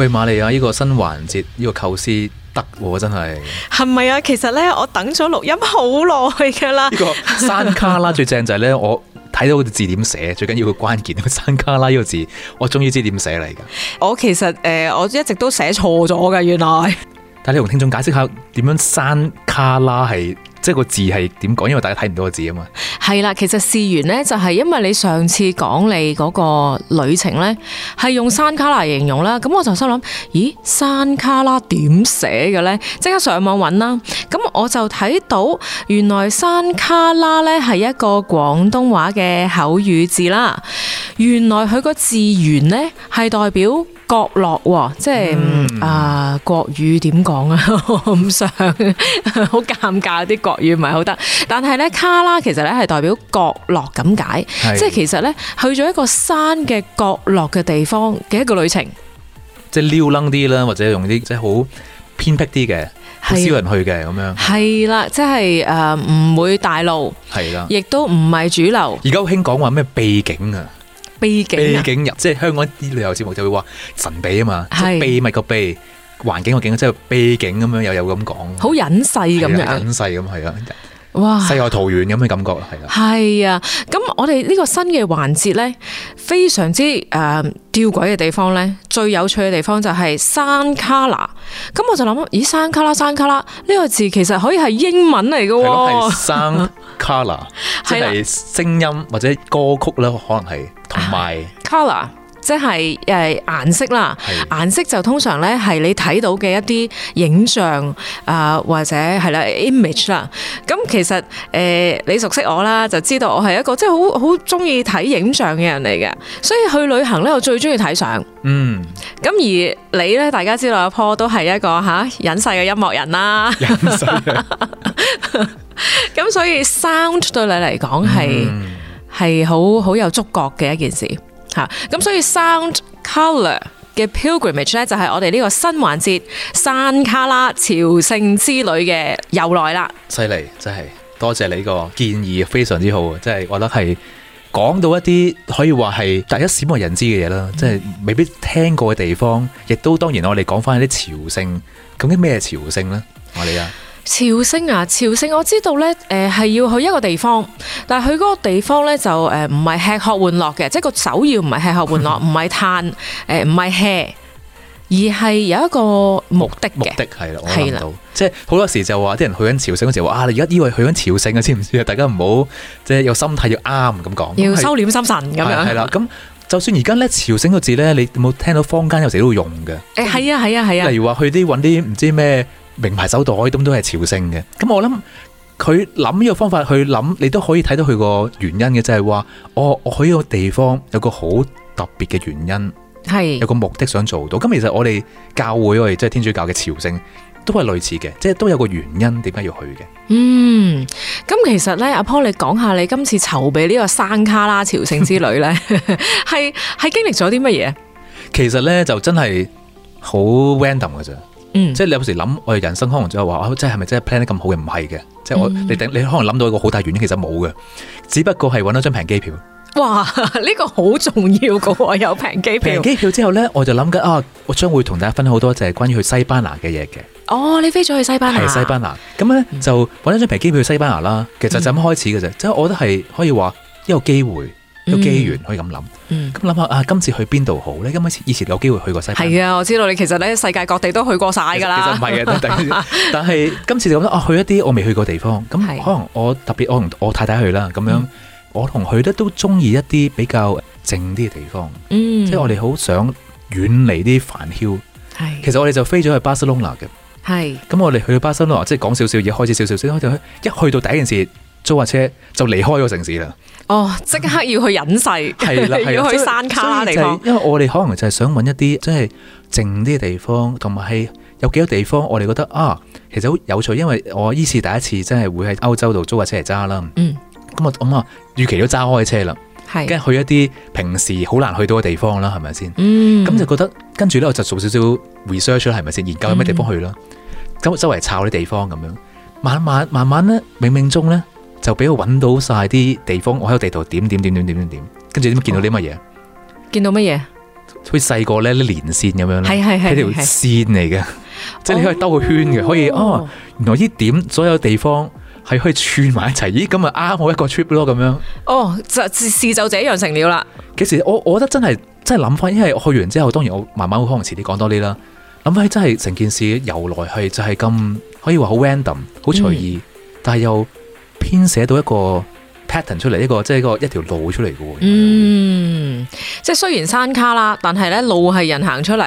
去馬利亞，呢個新環節，呢個構思得喎，真係。係咪啊？其實咧，我等咗錄音好耐㗎啦。呢 個山卡拉最正就係咧，我睇到字點寫，最緊要個關鍵，個山卡拉呢個字，我終於知點寫嚟㗎。我其實誒、呃，我一直都寫錯咗㗎，原來。 但你同聽眾解釋下點樣山卡拉係？即係個字係點講，因為大家睇唔到個字啊嘛。係啦，其實事源呢，就係因為你上次講你嗰個旅程呢，係用山旮旯形容啦，咁我就心諗，咦，山旮旯點寫嘅呢？即刻上網揾啦，咁我就睇到原來山旮旯呢係一個廣東話嘅口語字啦。原來佢個字源呢係代表。角落，即係啊國語點講啊？唔想好尷尬，啲國語唔係好得，但係咧旮旯其實咧係代表角落咁解，即係其實咧去咗一個山嘅角落嘅地方嘅一個旅程，即係撩楞啲啦，或者用啲即係好偏僻啲嘅，少人去嘅咁樣。係啦，即係誒唔會大路，係啦，亦都唔係主流。而家好興講話咩秘境啊？秘景啊，即係香港啲旅遊節目就會話神秘啊嘛，是即秘密個秘，環境個景，即係秘景咁樣，又有咁講，好隱世咁樣，隱世咁係啊。哇！世外桃源咁嘅感覺啦，係啦。係啊，咁我哋呢個新嘅環節呢，非常之誒、呃、吊詭嘅地方呢，最有趣嘅地方就係山旮旯。咁我就諗，咦，山旮旯山旮旯呢個字其實可以係英文嚟嘅、哦，係咯、啊，山旮旯，即係聲音或者歌曲呢，可能係同埋 Color。即係誒顏色啦，顏色就通常咧係你睇到嘅一啲影像啊、呃，或者係啦 image 啦。咁其實誒、呃、你熟悉我啦，就知道我係一個即係好好中意睇影像嘅人嚟嘅。所以去旅行咧，我最中意睇相。嗯，咁而你咧，大家知道阿 Paul 都係一個吓隱世嘅音樂人啦。咁 所以 sound 對你嚟講係係好好有觸覺嘅一件事。吓、啊、咁所以 sound color 嘅 pilgrimage 咧就係、是、我哋呢個新環節山旮旯朝聖之旅嘅由來啦。犀利，真係多謝你個建議，非常之好啊！係，我覺得係講到一啲可以話係第一鮮為人知嘅嘢啦，即、嗯、係未必聽過嘅地方，亦都當然我哋講翻啲朝聖，究竟咩朝聖呢？我哋啊。潮聖啊，潮聖我知道咧，誒、呃、係要去一個地方，但係佢嗰個地方咧就誒唔係吃喝玩樂嘅，即係個首要唔係吃喝玩樂，唔係嘆，誒唔係 hea 而係有一個目的，的目的係啦，是的即係好多時就話啲人去緊潮聖嗰時候啊，你而家以為去緊潮聖啊，知唔知啊？大家唔好即係有心態要啱咁講，要收斂心神咁樣的。係啦，咁就算而家咧潮聖個字咧，你有冇聽到坊間有時都會用嘅？誒係啊係啊係啊，例如話去啲搵啲唔知咩。名牌手袋咁都係朝聖嘅，咁我諗佢諗呢個方法去諗，你都可以睇到佢個原因嘅，即係話我去一個地方有個好特別嘅原因，係有個目的想做到。咁其實我哋教會我哋即係天主教嘅朝聖都係類似嘅，即係都有個原因點解要去嘅。嗯，咁其實咧，阿 Paul 你講下你今次籌備呢個山旮旯朝聖之旅咧，係 係 經歷咗啲乜嘢？其實咧就真係好 random 嘅啫。嗯、即係你有時諗，我哋人生可能就係話即係係咪真係 plan 得咁好嘅？唔係嘅，即係我你、嗯、你可能諗到一個好大原因，其實冇嘅，只不過係搵到張平機票。哇，呢、呢個好重要噶有平機票。平機票之後咧，我就諗緊啊，我將會同大家分享好多就係關於去西班牙嘅嘢嘅。哦，你飛咗去西班牙？係西班牙。咁咧就搵咗張平機票去西班牙啦。其實就咁開始嘅啫，即、嗯、係我覺得係可以話一個機會。啲機緣可以咁諗，咁諗下啊，今次去邊度好咧？咁啊，以前有機會去過西。係啊，我知道你其實咧，世界各地都去過曬㗎啦。其實唔係啊，但係今次就覺得啊，去一啲我未去過地方，咁可能我特別我同我太太去啦，咁樣我同佢咧都中意一啲比較靜啲嘅地方。嗯，即係我哋好想遠離啲煩囂。係，其實我哋就飛咗去巴塞隆納嘅。係，咁我哋去巴塞隆納，即係講少少嘢，開始少少先開始去。一去到第一件事。租架車就離開個城市啦。哦，即刻要去隱世，係 啦，要去山旮旯地方。因為我哋可能就係想揾一啲即係靜啲嘅地方，同埋係有幾多地方我哋覺得啊，其實好有趣。因為我依次第一次真係會喺歐洲度租架車嚟揸啦。嗯，咁我我預期都揸開車啦，跟住去一啲平時好難去到嘅地方啦，係咪先？咁、嗯、就覺得跟住咧，接我就做少少 research 係咪先？研究有咩地方去啦？咁、嗯、周圍抄啲地方咁樣，慢慢慢慢咧，冥冥中咧。就俾佢揾到晒啲地方，我喺個地圖點點點點點點點，跟住點見到啲乜嘢？見到乜嘢？好似細個咧啲連線咁樣啦，係係係條線嚟嘅，即係你可以兜個圈嘅、哦，可以哦，哦。原來呢點所有地方係可以串埋一齊，咦咁咪啱我一個 trip 咯咁樣。哦，就係就這樣成了啦。其實我我覺得真係真係諗翻，因為我去完之後，當然我慢慢可能會遲啲講多啲啦。諗翻真係成件事由來係就係咁，可以話好 random，好隨意，隨意嗯、但係又編寫到一個 pattern 出嚟，一個即係一個一條路出嚟嘅喎。嗯，即係雖然山旮旯，但係咧路係人行出嚟，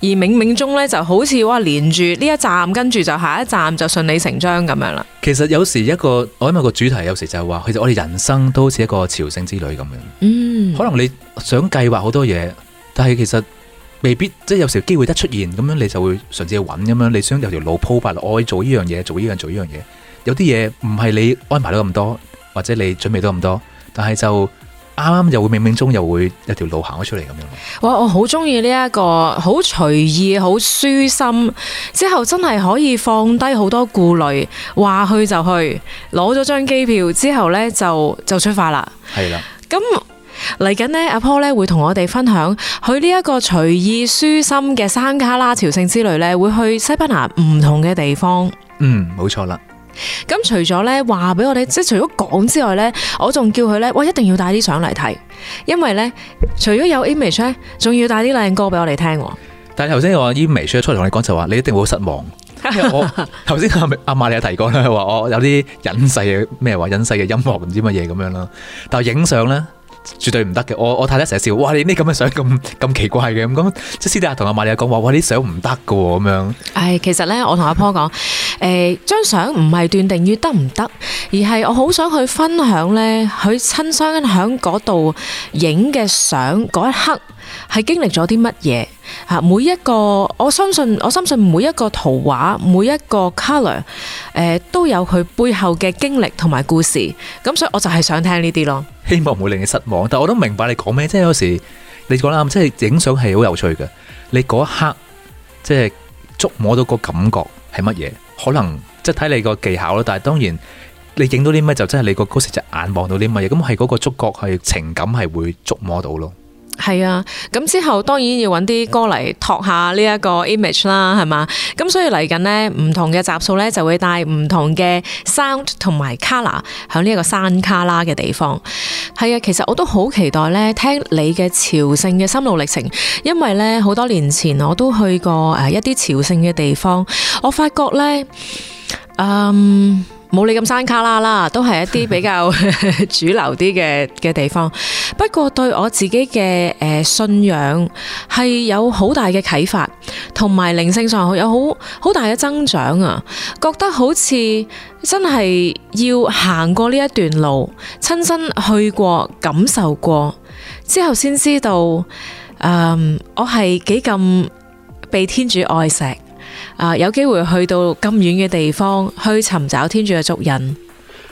而冥冥中咧就好似哇連住呢一站，跟住就下一站就順理成章咁樣啦。其實有時一個我諗個主題有時就係話，其實我哋人生都好似一個朝聖之旅咁樣，嗯。可能你想計劃好多嘢，但係其實未必，即係有時機會一出現咁樣，你就會嘗試去揾咁樣，你想有條路鋪法嚟，我做依樣嘢，做依樣，做依樣嘢。有啲嘢唔係你安排到咁多，或者你準備到咁多，但係就啱啱又會冥冥中又會有條路行咗出嚟咁樣。我我好中意呢一個好隨意、好舒心之後，真係可以放低好多顧慮，話去就去，攞咗張機票之後呢就就出發啦。係啦，咁嚟緊呢，阿 Paul 呢會同我哋分享去呢一個隨意舒心嘅山卡拉朝聖之旅呢會去西班牙唔同嘅地方。嗯，冇錯啦。咁除咗咧話俾我哋，即係除咗講之外咧，我仲叫佢咧，哇，一定要帶啲相嚟睇，因為咧除咗有 image 咧，仲要帶啲靚歌俾我哋聽。但係頭先我話 image 出嚟同你講就話，你一定會好失望。我頭先阿阿媽你有提過啦，佢話我有啲隱世嘅咩話，隱世嘅音樂唔知乜嘢咁樣咯。但係影相咧。絕對唔得嘅，我我太太成日笑，哇你呢咁嘅相咁咁奇怪嘅，咁咁即係私底下同阿馬麗講話，哇，啲相唔得噶，咁樣。唉，其實咧，我同阿坡講，誒，張相唔係斷定要得唔得，而係我好想去分享咧，佢親身響嗰度影嘅相嗰一刻，係經歷咗啲乜嘢啊？每一個，我相信，我相信每一個圖畫，每一個 color，誒，都有佢背後嘅經歷同埋故事，咁所以我就係想聽呢啲咯。希望唔會令你失望，但我都明白你講咩，即係有時你講啦，即係影相係好有趣嘅，你嗰一刻即係觸摸到個感覺係乜嘢，可能即係睇你個技巧咯，但係當然你影到啲乜就真係你個嗰時隻眼望到啲乜嘢，咁係嗰個觸覺係情感係會觸摸到咯。.係啊，咁之後當然要揾啲歌嚟托下呢一個 image 啦，係嘛？咁所以嚟緊呢，唔同嘅集數呢，就會帶唔同嘅 sound 同埋 color 喺呢一個山卡拉嘅地方，係啊。其實我都好期待呢，聽你嘅朝聖嘅心路歷程，因為呢，好多年前我都去過，誒一啲朝聖嘅地方，我發覺呢。嗯。冇你咁山旮旯啦，都係一啲比較主流啲嘅嘅地方。不過對我自己嘅誒信仰係有好大嘅啟發，同埋靈性上有好好大嘅增長啊！覺得好似真係要行過呢一段路，親身去過感受過之後，先知道誒，我係幾咁被天主愛錫。啊！有機會去到咁遠嘅地方去尋找天主嘅足印，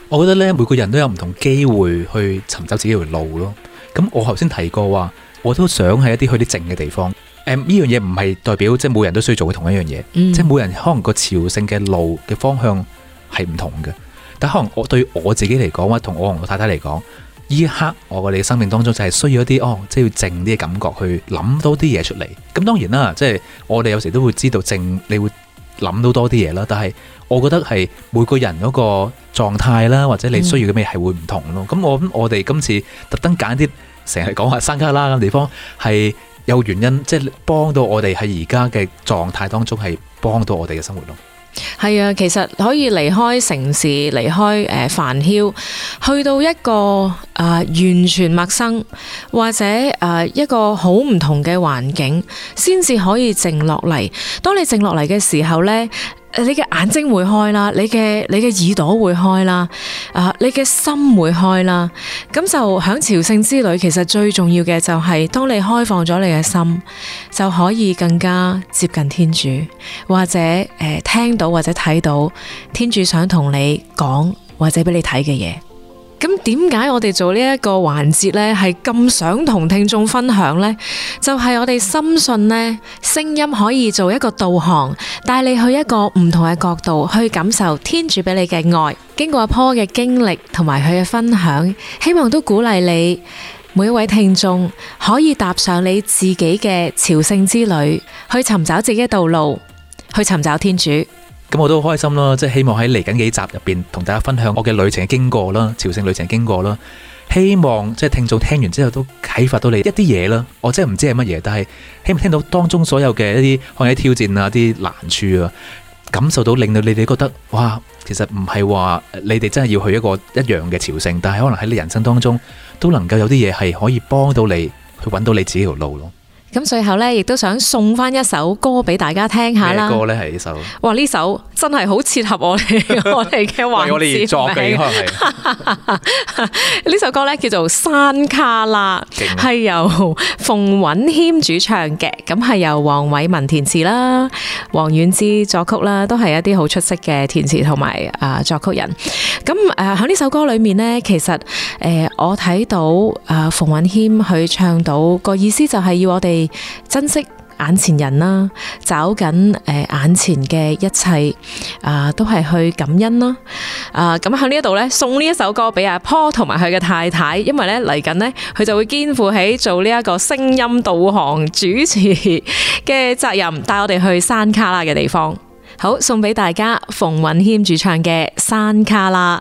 我覺得咧，每個人都有唔同機會去尋找自己條路咯。咁我頭先提過話，我都想係一啲去啲靜嘅地方。誒、嗯，呢樣嘢唔係代表即係每人都需要做嘅同一樣嘢，嗯，即係每人可能個朝聖嘅路嘅方向係唔同嘅。但可能我對我自己嚟講，跟我同我同我太太嚟講。呢一刻，我哋嘅生命當中就係需要一啲，哦，即係要靜啲嘅感覺去諗多啲嘢出嚟。咁當然啦，即係我哋有時都會知道靜，你會諗到多啲嘢啦。但係我覺得係每個人嗰個狀態啦，或者你需要嘅咩係會唔同咯。咁，嗯，我諗我哋今次特登揀啲成日講下山旮旯咁嘅地方，係有原因，即係幫到我哋喺而家嘅狀態當中係幫到我哋嘅生活咯。係啊，其實可以離開城市，離開誒繁囂，去到一個、呃、完全陌生或者誒、呃、一個好唔同嘅環境，先至可以靜落嚟。當你靜落嚟嘅時候呢。你嘅眼睛會開啦，你嘅你嘅耳朵會開啦，啊，你嘅心會開啦，咁就響朝聖之旅，其實最重要嘅就係當你開放咗你嘅心，就可以更加接近天主，或者誒、呃、聽到或者睇到，天主想同你講或者俾你睇嘅嘢。咁點解我哋做呢一個環節呢，係咁想同聽眾分享呢？就係我哋深信呢，聲音可以做一個導航，帶你去一個唔同嘅角度去感受天主俾你嘅愛。經過阿坡嘅經歷同埋佢嘅分享，希望都鼓勵你每一位聽眾可以踏上你自己嘅朝聖之旅，去尋找自己嘅道路，去尋找天主。咁我都好開心啦，即係希望喺嚟緊幾集入邊同大家分享我嘅旅程嘅經過啦，朝聖旅程經過啦，希望即係聽眾聽完之後都啟發到你一啲嘢啦。我真係唔知係乜嘢，但係希望聽到當中所有嘅一啲可能啲挑戰啊、啲難處啊，感受到令到你哋覺得，哇，其實唔係話你哋真係要去一個一樣嘅朝聖，但係可能喺你人生當中都能夠有啲嘢係可以幫到你去搵到你自己條路咯。咁最後咧，亦都想送翻一首歌俾大家聽一下啦。咩歌咧？係呢首。哇！呢首真係好切合我哋 我哋嘅話我哋作避開係。呢 首歌咧叫做《山旮旯》，係由馮允謙主唱嘅。咁係由黃偉文填詞啦，黃遠之作曲啦，都係一啲好出色嘅填詞同埋啊作曲人。咁誒喺呢首歌裏面咧，其實誒。呃我睇到啊，呃、馮允謙佢唱到個意思就係要我哋珍惜眼前人啦，找緊誒眼前嘅一切啊、呃，都係去感恩啦。啊、呃，咁喺呢一度呢，送呢一首歌俾阿 Paul 同埋佢嘅太太，因為呢嚟緊呢，佢就會肩負起做呢一個聲音導航主持嘅責任，帶我哋去山旮旯嘅地方。好，送俾大家馮允謙主唱嘅《山旮旯》。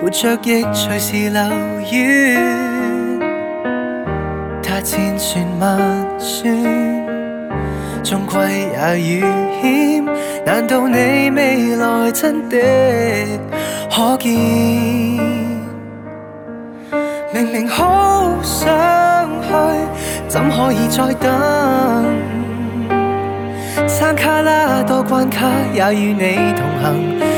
活着亦隨時流遠，他千算萬算，終歸也遇險。難道你未來真的可見？明明好想去，怎可以再等？山旮旯，多關卡也與你同行。